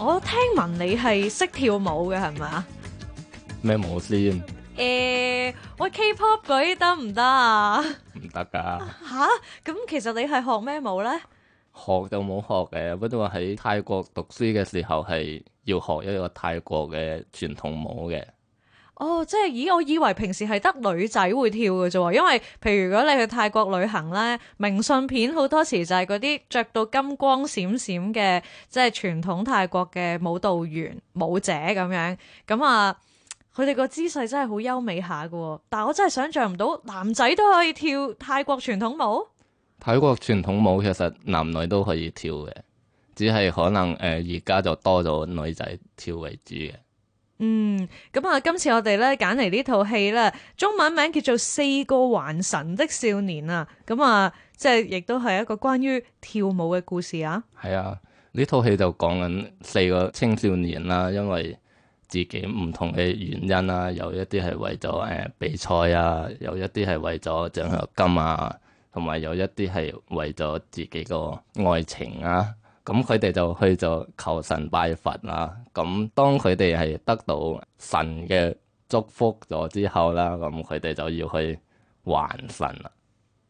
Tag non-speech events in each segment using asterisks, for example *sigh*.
我聽聞你係識跳舞嘅，係咪？咩舞先？誒、欸，我 K-pop 啲得唔得啊？唔得噶。吓，咁其實你係學咩舞咧？學就冇學嘅，不過喺泰國讀書嘅時候係要學一個泰國嘅傳統舞嘅。哦，oh, 即係咦，我以為平時係得女仔會跳嘅啫，因為譬如如果你去泰國旅行咧，明信片好多時就係嗰啲着到金光閃閃嘅，即係傳統泰國嘅舞蹈員舞者咁樣。咁啊，佢哋個姿勢真係好優美下嘅，哦，但我真係想象唔到男仔都可以跳泰國傳統舞。泰國傳統舞其實男女都可以跳嘅，只係可能誒而家就多咗女仔跳為主嘅。嗯，咁啊，今次我哋咧揀嚟呢套戲啦，中文名叫做《四個還神的少年》啊，咁啊，即係亦都係一個關於跳舞嘅故事啊。係啊，呢套戲就講緊四個青少年啦，因為自己唔同嘅原因啦，有一啲係為咗誒、呃、比賽啊，有一啲係為咗獎學金啊，同埋有一啲係為咗自己個愛情啊。咁佢哋就去咗求神拜佛啦。咁當佢哋係得到神嘅祝福咗之後啦，咁佢哋就要去還神啦。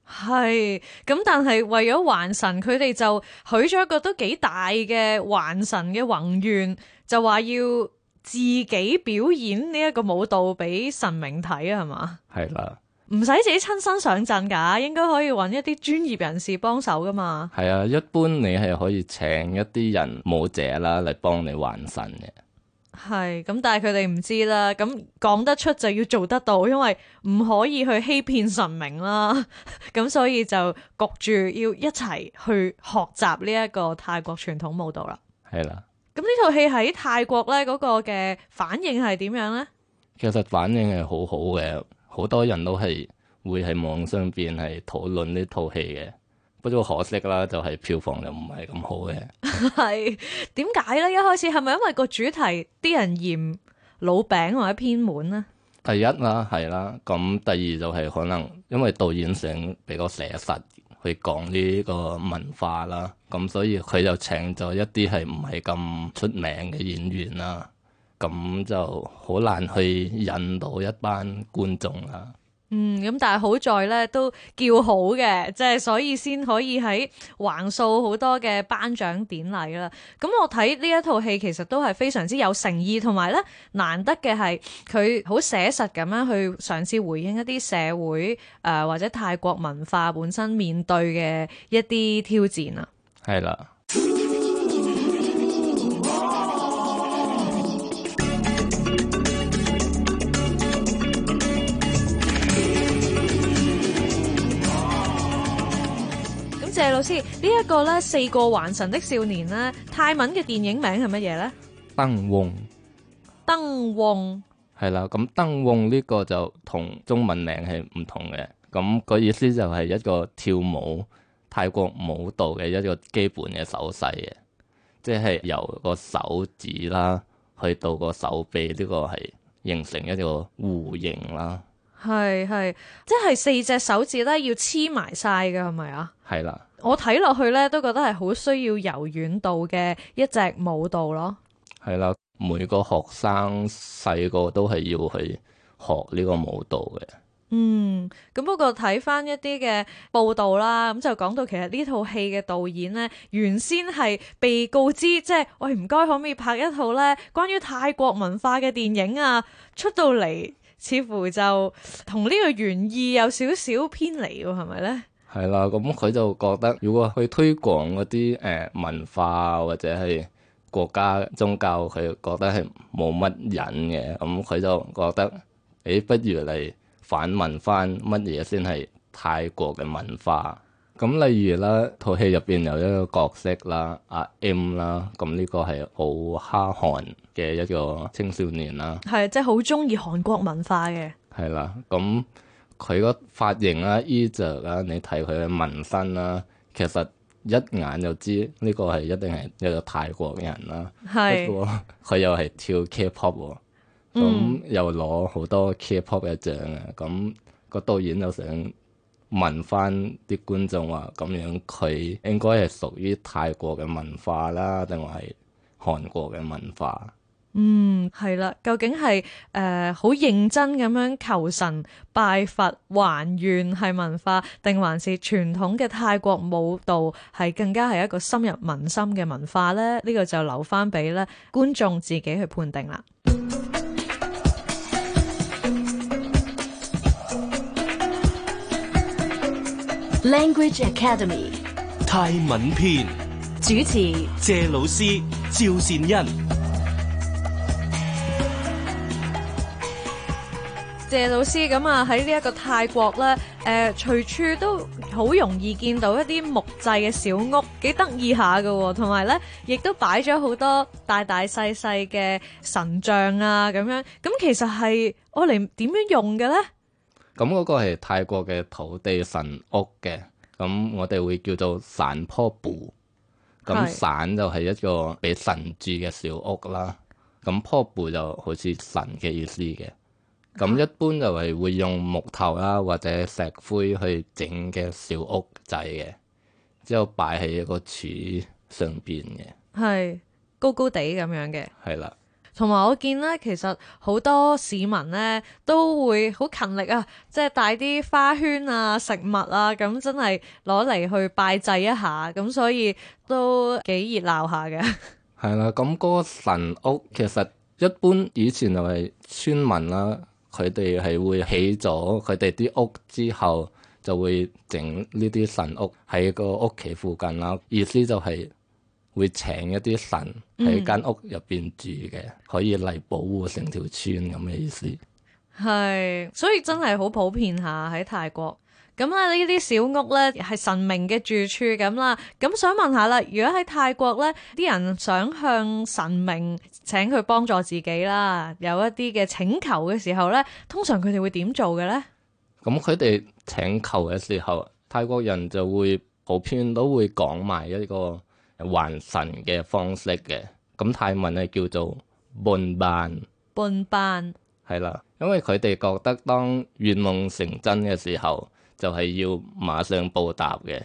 係咁，但係為咗還神，佢哋就許咗一個都幾大嘅還神嘅宏願，就話要自己表演呢一個舞蹈俾神明睇啊，係嘛？係啦。唔使自己親身上陣噶，應該可以揾一啲專業人士幫手噶嘛。係啊，一般你係可以請一啲人舞者啦嚟幫你還神嘅。係咁，但係佢哋唔知啦。咁講得出就要做得到，因為唔可以去欺騙神明啦。咁所以就焗住要一齊去學習呢一個泰國傳統舞蹈啦。係啦的。咁呢套戲喺泰國咧嗰個嘅反應係點樣呢？其實反應係好好嘅。好多人都係會喺網上邊係討論呢套戲嘅，不過可惜啦，就係、是、票房就唔係咁好嘅。係點解咧？一開始係咪因為個主題啲人嫌老餅或者偏門咧？第一啦，係啦，咁第二就係可能因為導演想比較寫實去講呢個文化啦，咁所以佢就請咗一啲係唔係咁出名嘅演員啦。咁就好難去引到一班觀眾啦。嗯，咁但係好在咧都叫好嘅，即係所以先可以喺橫掃好多嘅頒獎典禮啦。咁我睇呢一套戲其實都係非常之有誠意，同埋咧難得嘅係佢好寫實咁樣去嘗試回應一啲社會誒、呃、或者泰國文化本身面對嘅一啲挑戰啦。係啦。呢一個咧，四個還神的少年咧，泰文嘅電影名係乜嘢咧？燈翁，燈翁係啦。咁燈翁呢個就同中文名係唔同嘅。咁個意思就係一個跳舞泰國舞蹈嘅一個基本嘅手勢嘅，即係由個手指啦，去到個手臂呢個係形成一個弧形啦。係係，即係四隻手指咧要黐埋晒嘅，係咪啊？係啦。我睇落去咧，都覺得係好需要柔軟度嘅一隻舞蹈咯。係啦，每個學生細個都係要去學呢個舞蹈嘅。嗯，咁不過睇翻一啲嘅報道啦，咁就講到其實呢套戲嘅導演咧，原先係被告知即係，喂唔該可唔可以拍一套咧關於泰國文化嘅電影啊？出到嚟似乎就同呢個原意有少少偏離，係咪咧？係啦，咁佢就覺得如果去推廣嗰啲誒文化或者係國家宗教，佢覺得係冇乜癮嘅，咁佢就覺得誒不如嚟反問返乜嘢先係泰國嘅文化。咁例如啦，套戲入邊有一個角色啦，阿、啊、M 啦，咁呢個係好哈韓嘅一個青少年啦，係即係好中意韓國文化嘅，係啦，咁、嗯。佢個髮型啦、啊、衣著啊，你睇佢嘅紋身啦，其實一眼就知呢、這個係一定係一個泰國人啦。係。不過佢又係跳 K-pop 喎，咁又攞好多 K-pop 嘅獎啊！咁個導演就想問翻啲觀眾話、啊：咁樣佢應該係屬於泰國嘅文化啦，定係韓國嘅文化？嗯，係啦。究竟係誒好認真咁樣求神拜佛還願係文化，定還是傳統嘅泰國舞蹈係更加係一個深入民心嘅文化呢？呢個就留翻俾咧觀眾自己去判定啦。Language Academy 泰文篇主持：謝老師趙善恩。謝老師咁啊，喺呢一個泰國咧，誒、呃，隨處都好容易見到一啲木製嘅小屋，幾得意下㗎，同埋咧，亦都擺咗好多大大細細嘅神像啊，咁樣咁其實係我嚟點樣用嘅咧？咁嗰個係泰國嘅土地神屋嘅，咁我哋會叫做散坡布，咁散就係一個俾神住嘅小屋啦，咁是坡布就好似神嘅意思嘅。咁一般就係會用木頭啦、啊，或者石灰去整嘅小屋仔嘅，之後擺喺一個柱上邊嘅，係高高地咁樣嘅。係啦的，同埋我見咧，其實好多市民咧都會好勤力啊，即係帶啲花圈啊、食物啊，咁真係攞嚟去拜祭一下，咁所以都幾熱鬧下嘅。係啦，咁、嗰個神屋其實一般以前就係村民啦、啊。佢哋係會起咗佢哋啲屋之後，就會整呢啲神屋喺個屋企附近啦。意思就係會請一啲神喺間屋入邊住嘅，可以嚟保護成條村咁嘅意思。係、嗯，所以真係好普遍下喺泰國。咁咧，呢啲小屋咧係神明嘅住處咁啦。咁想問下啦，如果喺泰國咧，啲人想向神明請佢幫助自己啦，有一啲嘅請求嘅時候咧，通常佢哋會點做嘅咧？咁佢哋請求嘅時候，泰國人就會普遍都會講埋一個還神嘅方式嘅。咁泰文咧叫做半辦半辦，係、bon、啦班，因為佢哋覺得當願夢成真嘅時候。就係要馬上報答嘅，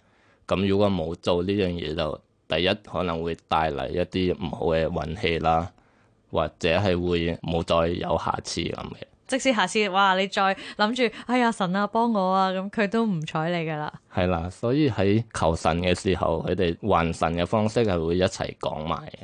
咁如果冇做呢樣嘢，就第一可能會帶嚟一啲唔好嘅運氣啦，或者係會冇再有下次咁嘅。即使下次，哇！你再諗住，哎呀，神啊，幫我啊，咁佢都唔睬你㗎喇。係啦，所以喺求神嘅時候，佢哋還神嘅方式係會一齊講埋嘅。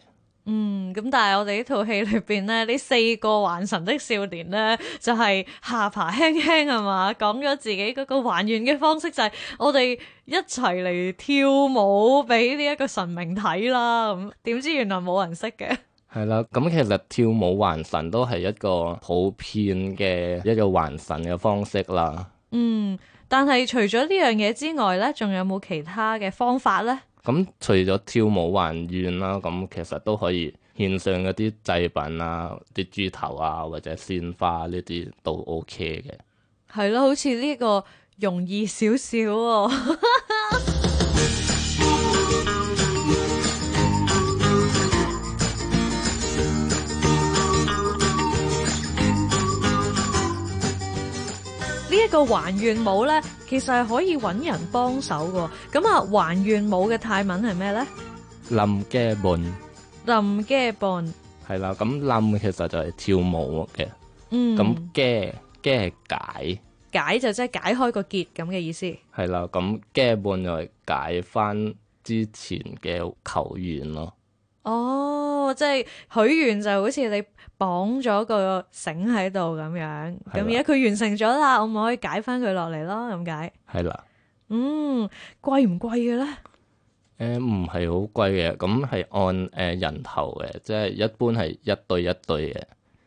嗯，咁但係我哋呢套戲裏邊咧，呢四個還神的少年咧，就係、是、下巴輕輕係嘛，講咗自己嗰個還原嘅方式就係我哋一齊嚟跳舞俾呢一個神明睇啦。咁、嗯、點知原來冇人識嘅。係啦，咁其實跳舞還神都係一個普遍嘅一個還神嘅方式啦。嗯，但係除咗呢樣嘢之外咧，仲有冇其他嘅方法咧？咁、嗯、除咗跳舞還願啦，咁、嗯、其實都可以獻上嗰啲祭品啊，啲豬頭啊，或者鮮花呢、啊、啲都 OK 嘅。係咯、啊，好似呢個容易少少喎。 *laughs* *music* 個還願舞咧，其實係可以搵人幫手嘅。咁啊，還願舞嘅泰文係咩咧？冧嘅伴，冧嘅伴係啦。咁冧其實就係跳舞嘅。嗯。咁解解係解解就即係解開個結咁嘅意思。係啦。咁解伴就係解翻之前嘅球員咯。哦，即係許願就好似你。綁咗個繩喺度咁樣，咁而家佢完成咗啦，我咪可以解翻佢落嚟咯？咁解？係啦。嗯，貴唔貴嘅咧？誒，唔係好貴嘅，咁係按誒人頭嘅，即係一般係一對一對嘅，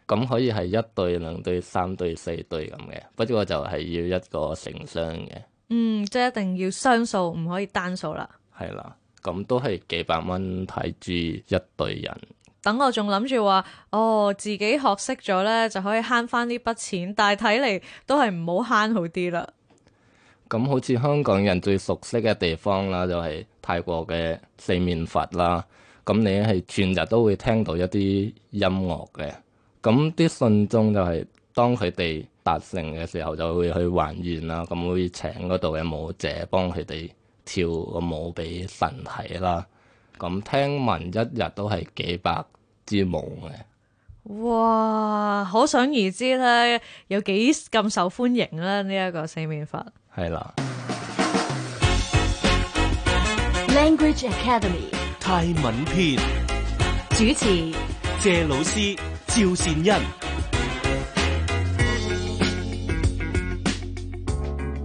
咁可以係一對、兩對、三對、四對咁嘅，不過就係要一個成雙嘅。嗯，即係一定要雙數，唔可以單數啦。係啦，咁都係幾百蚊睇住一對人。等我仲諗住話，哦，自己學識咗咧，就可以慳翻呢筆錢，但係睇嚟都係唔好慳好啲啦。咁好似香港人最熟悉嘅地方啦，就係泰國嘅四面佛啦。咁你係全日都會聽到一啲音樂嘅。咁啲信眾就係當佢哋達成嘅時候，就會去還願啦。咁會請嗰度嘅舞者幫佢哋跳個舞俾神睇啦。咁聽聞一日都係幾百支夢嘅，哇！可想而知咧，有幾咁受歡迎啦呢一、這個四面佛。係啦了，Language Academy 泰文篇主持：謝老師、趙善恩。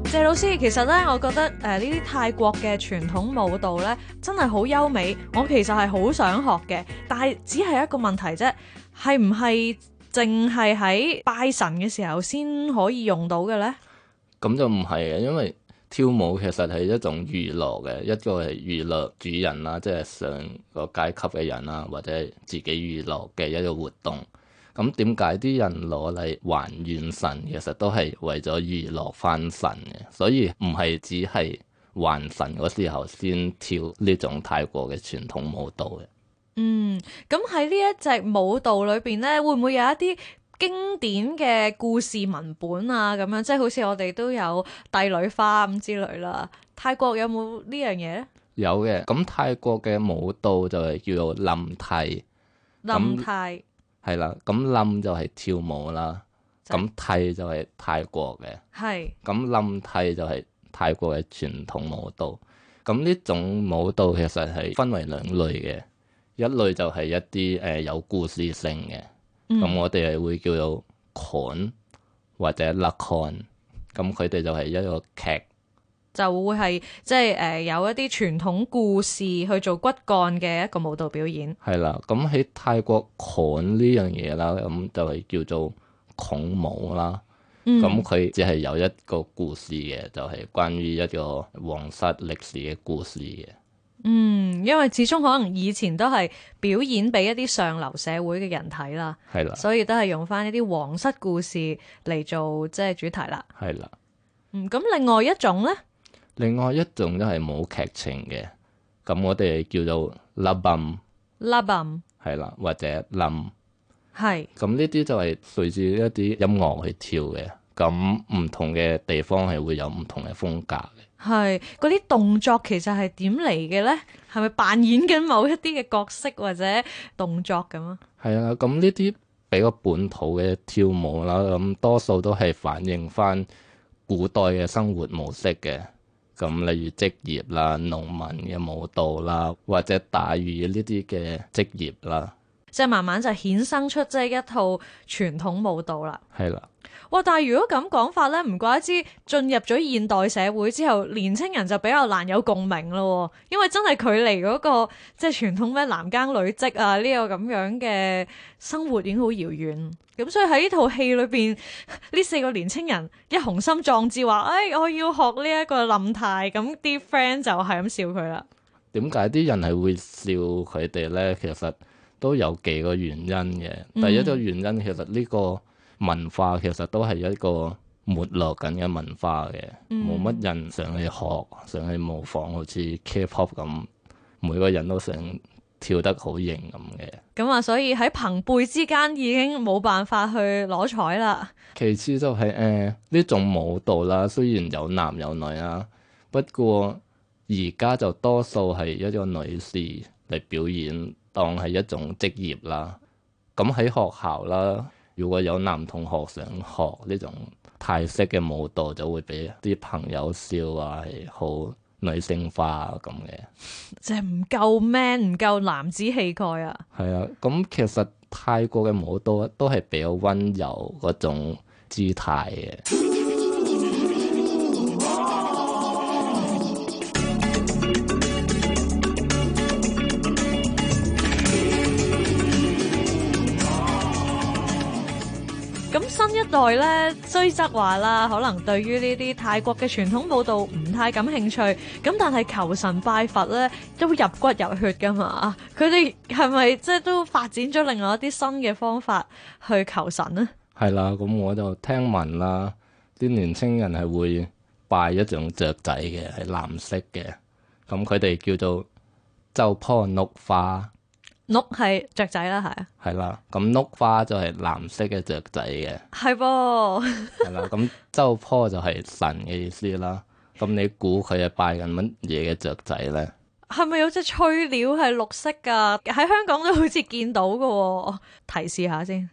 謝老師，其實咧，我覺得誒呢啲泰國嘅傳統舞蹈咧，真係好優美。我其實係好想學嘅，但係只係一個問題啫，係唔係淨係喺拜神嘅時候先可以用到嘅咧？咁就唔係啊，因為跳舞其實係一種娛樂嘅，一個係娛樂主人啦，即係上個階級嘅人啦，或者自己娛樂嘅一個活動。咁點解啲人攞嚟還願神，其實都係為咗娛樂返神嘅，所以唔係只係還神嗰時候先跳呢種泰國嘅傳統舞蹈嘅。嗯，咁喺呢一隻舞蹈裏邊咧，會唔會有一啲經典嘅故事文本啊？咁樣即係好似我哋都有帝女花咁之類啦。泰國有冇呢樣嘢咧？有嘅，咁泰國嘅舞蹈就係叫做林泰。林泰。那林泰係啦，咁冧就係跳舞啦，咁替就係泰國嘅，係。咁冧替就係泰國嘅傳統舞蹈。咁呢種舞蹈其實係分為兩類嘅，一類就係一啲誒、呃、有故事性嘅，咁我哋係會叫做 Khon 或者 Lakon，咁佢哋就係一個劇。就會係即係誒、呃、有一啲傳統故事去做骨幹嘅一個舞蹈表演。係、嗯、啦，咁喺泰國砍呢樣嘢啦，咁就係叫做孔舞啦。咁佢只係有一個故事嘅，就係關於一個皇室歷史嘅故事嘅。嗯，因為始終可能以前都係表演俾一啲上流社會嘅人睇啦，係啦的，所以都係用翻一啲皇室故事嚟做即係主題啦。係啦的，嗯，咁另外一種咧。另外一種都係冇劇情嘅，咁我哋叫做 Love，Love 係啦，或者林係。咁呢啲就係隨住一啲音樂去跳嘅。咁唔同嘅地方係會有唔同嘅風格嘅。係，嗰啲動作其實係點嚟嘅呢？係咪扮演緊某一啲嘅角色或者動作咁啊？係啊，咁呢啲比較本土嘅跳舞啦，咁多數都係反映翻古代嘅生活模式嘅。咁例如職業啦，農民嘅舞蹈啦，或者打魚呢啲嘅職業啦。即係慢慢就衍生出即係一套傳統舞蹈啦。係啦，哇！但係如果咁講法咧，唔怪之進入咗現代社會之後，年青人就比較難有共鳴咯。因為真係距離嗰個即係傳統咩男耕女織啊，呢個咁樣嘅生活已經好遙遠。咁所以喺呢套戲裏邊，呢四個年青人一雄心壯志話，誒，我要學呢一個林太，咁啲 friend 就係咁笑佢啦。點解啲人係會笑佢哋咧？其實？都有幾個原因嘅。嗯、第一個原因，其實呢個文化其實都係一個沒落緊嘅文化嘅，冇乜、嗯、人上去學上去模仿，好似 K-pop 咁，每個人都想跳得好型咁嘅。咁啊、嗯，所以喺朋輩之間已經冇辦法去攞彩啦。其次就係誒呢種舞蹈啦，雖然有男有女啊，不過而家就多數係一個女士嚟表演。當係一種職業啦，咁喺學校啦，如果有男同學想學呢種泰式嘅舞蹈，就會俾啲朋友笑啊，係好女性化啊咁嘅，即係唔夠 man，唔夠男子氣概啊。係啊，咁其實泰國嘅舞蹈都係比較温柔嗰種姿態嘅。咁新一代咧，雖則話啦，可能對於呢啲泰國嘅傳統舞蹈唔太感興趣。咁但係求神拜佛咧，都入骨入血噶嘛。佢哋係咪即係都發展咗另外一啲新嘅方法去求神呢？係啦、嗯，咁我就聽聞啦，啲年青人係會拜一種雀仔嘅，係藍色嘅。咁佢哋叫做周波六化。碌係、no, 雀仔啦，係啊，係啦、啊，咁碌花就係藍色嘅雀仔嘅，係噃是、啊，係 *laughs* 啦、啊，咁周波就係神嘅意思啦，咁你估佢係拜緊乜嘢嘅雀仔咧？係咪有隻翠鳥係綠色噶？喺香港都好似見到噶、啊，提示下先。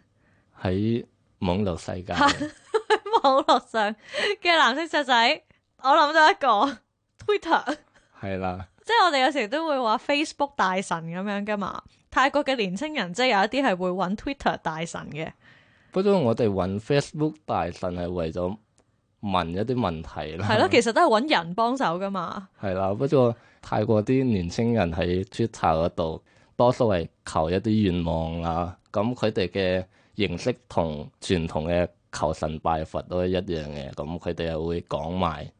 喺網絡世界，網絡 *laughs* 上嘅藍色雀仔，我諗到一個 *laughs* Twitter，係 *laughs* 啦、啊，即係我哋有時都會話 Facebook 大神咁樣噶嘛。泰國嘅年輕人即係有一啲係會揾 Twitter 大神嘅。不過我哋揾 Facebook 大神係為咗問一啲問題啦。係咯、 *laughs* 啊，其實都係揾人幫手噶嘛。係啦、 *laughs* 啊，不過泰國啲年輕人喺 Twitter 嗰度多數係求一啲願望啦、啊。咁佢哋嘅形式同傳統嘅求神拜佛都係一樣嘅。咁佢哋又會講埋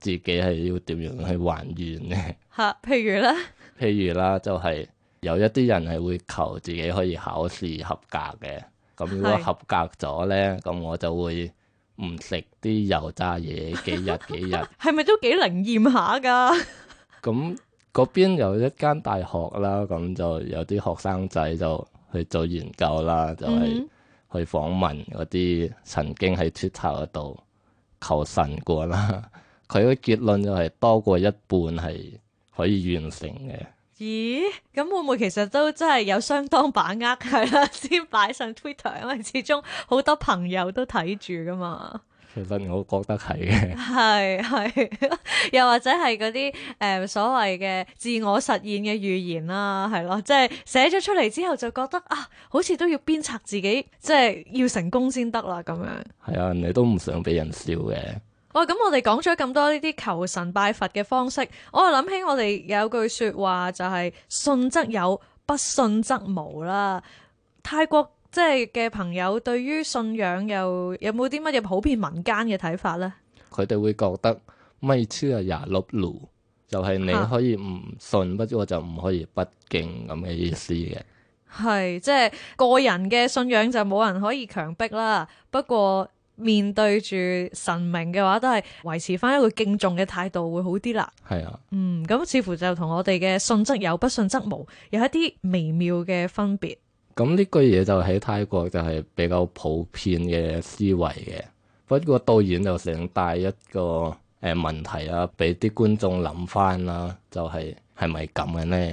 自己係要點樣去還願嘅。嚇、 *laughs* 啊，譬如咧？譬如啦，就係、是。有一啲人係會求自己可以考試合格嘅，咁如果合格咗呢，咁我就會唔食啲油炸嘢幾日幾日。係咪 *laughs* 都幾靈驗下㗎？咁嗰邊有一間大學啦，咁就有啲學生仔就去做研究啦，就係、是、去訪問嗰啲曾經喺 Twitter 度求神過啦。佢 *laughs* 嘅結論就係多過一半係可以完成嘅。咦？咁會唔會其實都真係有相當把握係啦？先擺上 Twitter，因為始終好多朋友都睇住噶嘛。其實我覺得係嘅，係係又或者係嗰啲誒所謂嘅自我實現嘅預言啦、啊，係咯，即係寫咗出嚟之後就覺得啊，好似都要鞭策自己，即係要成功先得啦咁樣。係啊，你都唔想俾人笑嘅。哇！咁、哦、我哋講咗咁多呢啲求神拜佛嘅方式，我諗起我哋有句說話就係、是、信則有，不信則無啦。泰國即係嘅朋友對於信仰又有冇啲乜嘢普遍民間嘅睇法咧？佢哋會覺得咪超廿六路，就係、是、你可以唔信，不過就唔可以不敬咁嘅意思嘅。係即係個人嘅信仰就冇人可以強迫啦。不過。面對住神明嘅話，都係維持翻一個敬重嘅態度會好啲啦。係啊，嗯，咁似乎就同我哋嘅信則有，不信則無，有一啲微妙嘅分別。咁呢、嗯、句嘢就喺泰國就係比較普遍嘅思維嘅。不過導演就想帶一個誒問題啊，俾啲觀眾諗翻啦，就係係咪咁嘅呢？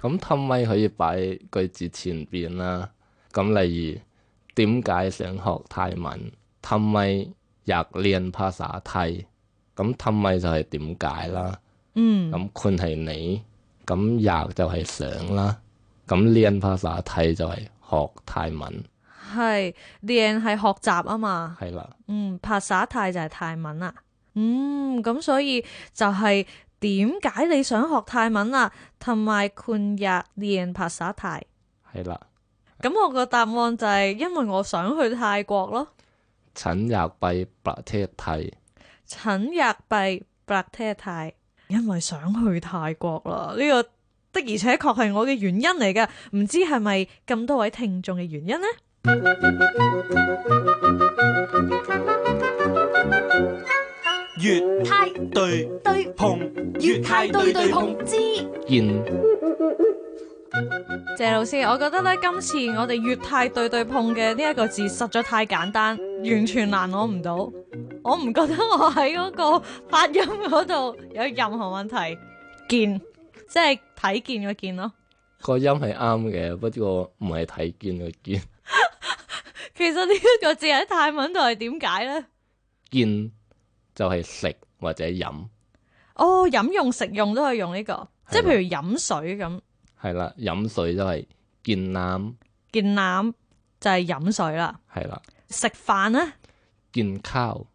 咁氹咪可以擺句子前邊啦，咁例如點解想學泰文？氹咪廿 lien passa 泰，咁氹咪就係點解啦。嗯，咁困係你，咁廿就係想啦，咁 lien passa 泰就係學泰文。係，lien 係學習啊嘛。係啦，嗯，passa 泰就係泰文啦。嗯，咁所以就係。點解你想學泰文啊？同埋困日連拍耍太，係啦。咁我個答案就係因為我想去泰國咯。陳日閉白車泰。陳日閉白車泰，因為想去泰國啦。呢個的而且確係我嘅原因嚟㗎，唔知係咪咁多位聽眾嘅原因呢？粵泰對對碰，粵泰對對碰，知見。謝老師，我覺得咧，今次我哋粵泰對對碰嘅呢一個字實在太簡單，完全難我唔到。我唔覺得我喺嗰個發音嗰度有任何問題。見，即係睇見個見咯。 *laughs* 個音係啱嘅，不過唔係睇見個見。其實呢一個字喺泰文度係點解咧？見。就係食或者飲，哦，飲用食用都可以用呢、這個，的即係譬如飲水咁。係啦，飲水都係健腩。健腩就係飲水啦。係啦的，食飯咧？健烤靠。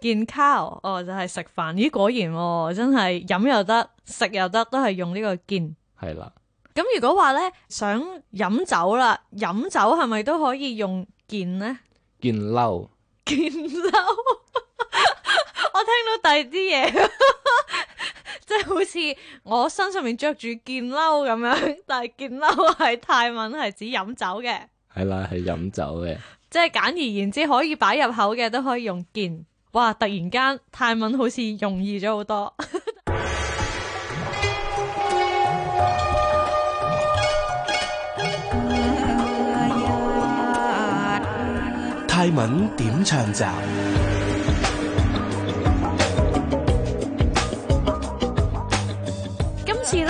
健烤，哦，就係食飯。咦，果然、哦，真係飲又得，食又得，都係用呢個健。係啦的。咁如果話咧，想飲酒啦，飲酒係咪都可以用健咧？健溜老，健溜見老。 *laughs* 我聽到第二啲嘢，即係好似我身上面着住件褸咁樣，但係件褸係泰文係指飲酒嘅，係啦，係飲酒嘅，即係簡而言之，可以擺入口嘅都可以用件。哇！突然間泰文好似容易咗好多 *laughs* 。 *music* 泰文點唱就？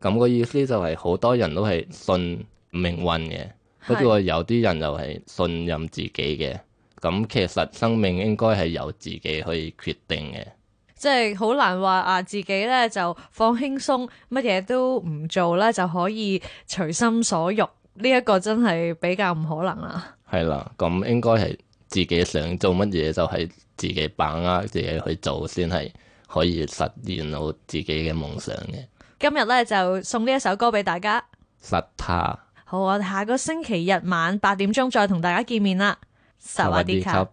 咁個意思就係好多人都係信命運嘅，的不過有啲人又係信任自己嘅。咁其實生命應該係由自己去決定嘅，即係好難話啊！自己咧就放輕鬆，乜嘢都唔做咧，就可以隨心所欲。呢、這、一個真係比較唔可能啦、啊。係啦，咁應該係自己想做乜嘢就係自己把握自己去做，先係可以實現到自己嘅夢想嘅。今日咧就送呢一首歌俾大家。實拍。好，我哋下個星期日晚八點鐘再同大家見面啦。殺阿 D 卡